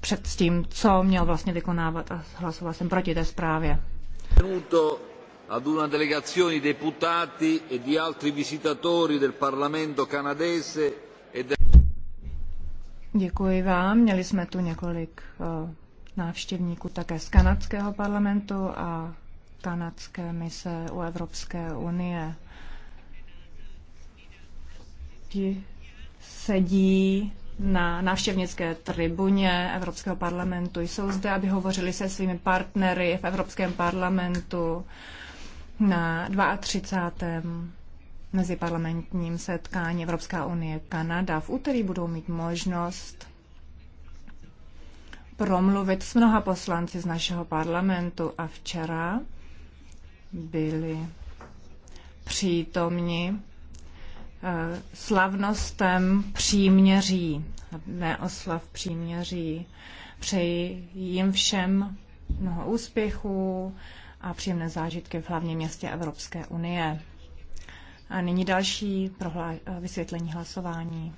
před tím, co měl vlastně vykonávat a hlasoval jsem proti té zprávě. ad una delegazione deputati e di altri visitatori del Parlamento canadese e del... Děkuji vám. Měli jsme tu několik eh, návštěvníků také z kanadského parlamentu a kanadské mise u Evropské unie. Ti sedí na návštěvnické tribuně Evropského parlamentu. Jsou zde, aby hovořili se svými partnery v Evropském parlamentu na 32. meziparlamentním setkání Evropská unie Kanada. V úterý budou mít možnost promluvit s mnoha poslanci z našeho parlamentu a včera byli přítomni slavnostem příměří, ne oslav příměří. Přeji jim všem mnoho úspěchů a příjemné zážitky v hlavním městě Evropské unie. A nyní další vysvětlení hlasování.